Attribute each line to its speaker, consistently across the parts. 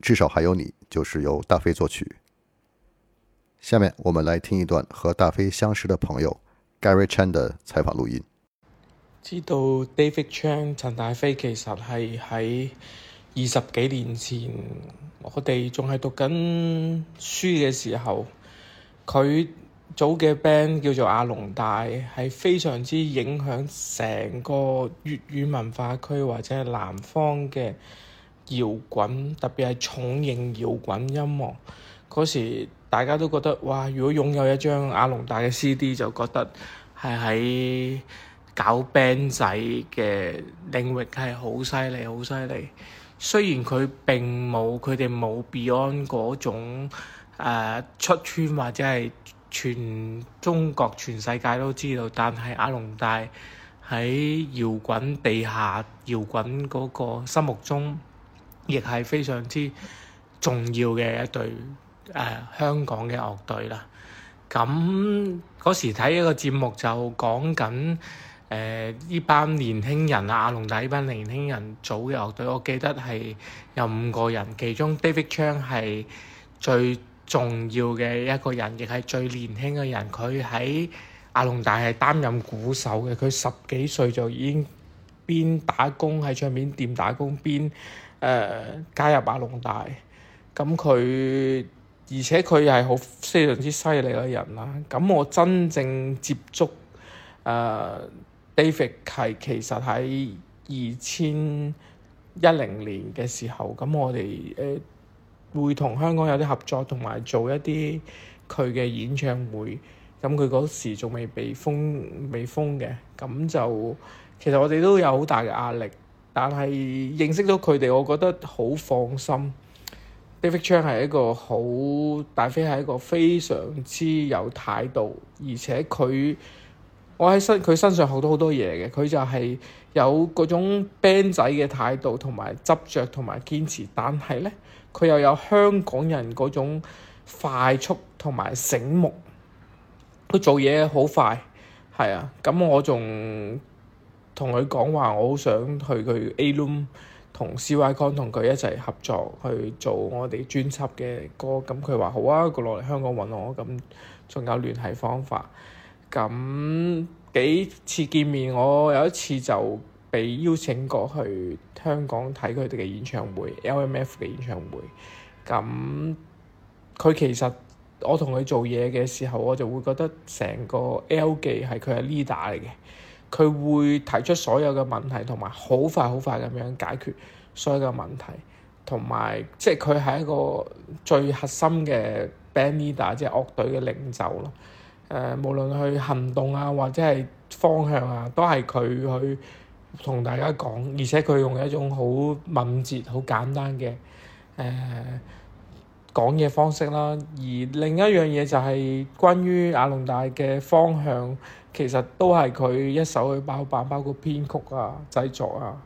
Speaker 1: 至少還有你，就是由大飛作曲。下面我們來聽一段和大飛相識的朋友 Gary Chan 的採訪錄音。
Speaker 2: 知道 David Chan 陳大飛其實係喺二十幾年前，我哋仲係讀緊書嘅時候，佢組嘅 band 叫做阿龍大，係非常之影響成個粵語文化區或者係南方嘅。搖滾，特別係重型搖滾音樂，嗰時大家都覺得哇！如果擁有一張阿龍大嘅 C.D.，就覺得係，喺搞 band 仔嘅領域係好犀利，好犀利。雖然佢並冇佢哋冇 Beyond 嗰種誒、呃、出圈或者係全中國全世界都知道，但係阿龍大喺搖滾地下搖滾嗰個心目中。亦係非常之重要嘅一隊誒、呃、香港嘅樂隊啦。咁嗰時睇一個節目就講緊誒呢班年輕人啊，阿龍大呢班年輕人組嘅樂隊，我記得係有五個人，其中 Davy Chan 係最重要嘅一個人，亦係最年輕嘅人。佢喺阿龍大係擔任鼓手嘅，佢十幾歲就已經邊打工喺唱片店打工邊，誒，加入亞龍大，咁佢而且佢係好非常之犀利嘅人啦。咁我真正接觸誒、呃、David 係其實喺二千一零年嘅時候，咁我哋誒、呃、會同香港有啲合作，同埋做一啲佢嘅演唱會，咁佢嗰時仲未被封，未封嘅，咁就其實我哋都有好大嘅壓力。但係認識到佢哋，我覺得好放心。Davy Chan 係一個好，大飛係一個非常之有態度，而且佢我喺佢身上學到好多嘢嘅。佢就係有嗰種 band 仔嘅態度同埋執着同埋堅持，但係咧佢又有香港人嗰種快速同埋醒目。佢做嘢好快，係啊，咁我仲。同佢講話，我好想去佢 A Lum 同 C Y Con 同佢一齊合作去做我哋專輯嘅歌，咁佢話好啊，落嚟香港揾我，咁仲有聯繫方法。咁幾次見面，我有一次就被邀請過去香港睇佢哋嘅演唱會，L M F 嘅演唱會。咁佢其實我同佢做嘢嘅時候，我就會覺得成個 L 記係佢係 leader 嚟嘅。佢會提出所有嘅問題，同埋好快好快咁樣解決所有嘅問題，同埋即係佢係一個最核心嘅 band leader，即係樂隊嘅領袖咯。誒、呃，無論去行動啊，或者係方向啊，都係佢去同大家講，而且佢用一種好敏捷、好簡單嘅誒、呃講嘢方式啦，而另一樣嘢就係關於阿龍大嘅方向，其實都係佢一手去包辦，包括編曲啊、製作啊。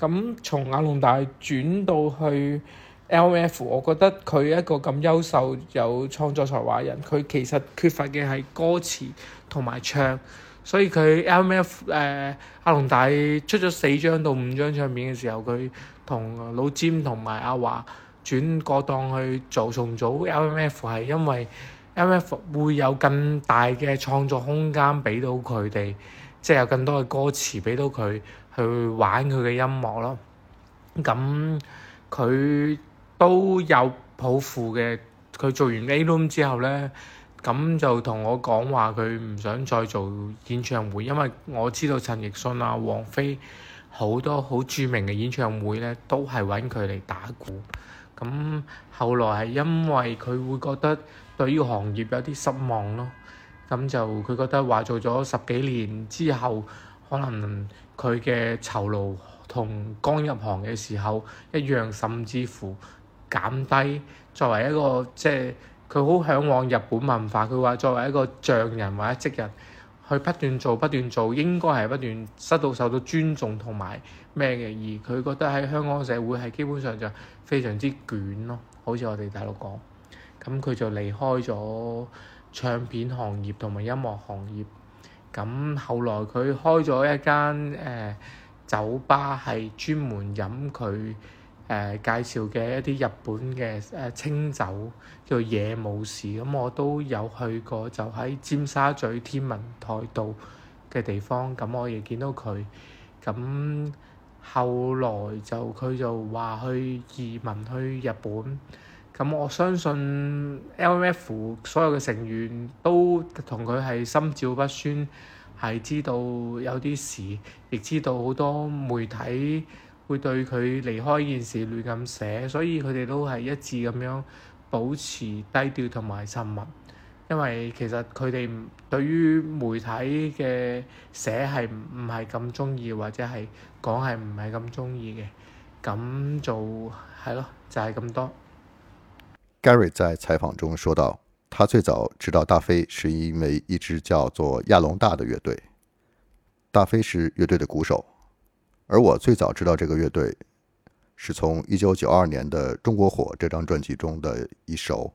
Speaker 2: 咁從阿龍大轉到去 LMF，我覺得佢一個咁優秀、有創作才華人，佢其實缺乏嘅係歌詞同埋唱，所以佢 LMF 誒、呃、阿龍大出咗四張到五張唱片嘅時候，佢同老詹同埋阿華。轉過檔去做重組，L M F 係因為 L M F 會有更大嘅創作空間俾到佢哋，即係有更多嘅歌詞俾到佢去玩佢嘅音樂咯。咁佢都有抱負嘅。佢做完 A Room 之後咧，咁就同我講話佢唔想再做演唱會，因為我知道陳奕迅啊、王菲好多好著名嘅演唱會咧，都係揾佢嚟打鼓。咁後來係因為佢會覺得對於行業有啲失望咯，咁就佢覺得話做咗十幾年之後，可能佢嘅酬勞同剛入行嘅時候一樣，甚至乎減低。作為一個即係佢好向往日本文化，佢話作為一個匠人或者職人，去不斷做不斷做，應該係不斷受到受到尊重同埋。咩嘅？而佢覺得喺香港社會係基本上就非常之卷咯，好似我哋大陸講。咁佢就離開咗唱片行業同埋音樂行業。咁後來佢開咗一間誒、呃、酒吧，係專門飲佢介紹嘅一啲日本嘅誒清酒，叫做野武士。咁我都有去過，就喺尖沙咀天文台道嘅地方。咁我亦見到佢。咁後來就佢就話去移民去日本，咁我相信 LMF 所有嘅成員都同佢係心照不宣，係知道有啲事，亦知道好多媒體會對佢離開呢件事亂咁寫，所以佢哋都係一致咁樣保持低調同埋沉默。因為其實佢哋對於媒體嘅寫係唔係咁鍾意，或者係講係唔係咁鍾意嘅，咁就係咯，就係、是、咁多。
Speaker 1: Gary 在採訪中說到，他最早知道大飛係因為一支叫做亞龍大嘅樂隊，大飛是樂隊嘅鼓手，而我最早知道這個樂隊，是從一九九二年嘅《中國火》這張專輯中嘅一首。